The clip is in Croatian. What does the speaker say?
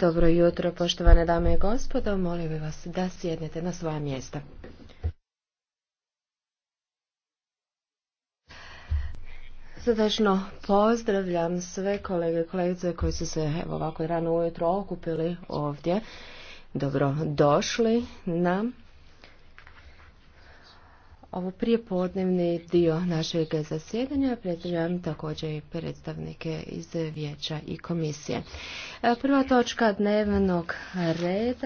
Dobro jutro, poštovane dame i gospodo. Molim bi vas da sjednete na svoja mjesta. Srdačno pozdravljam sve kolege i kolegice koji su se evo, ovako rano ujutro okupili ovdje. Dobro došli na ovo prijepodnevni dio našeg zasjedanja. Predstavljam također i predstavnike iz vijeća i komisije. E, prva točka dnevnog reda.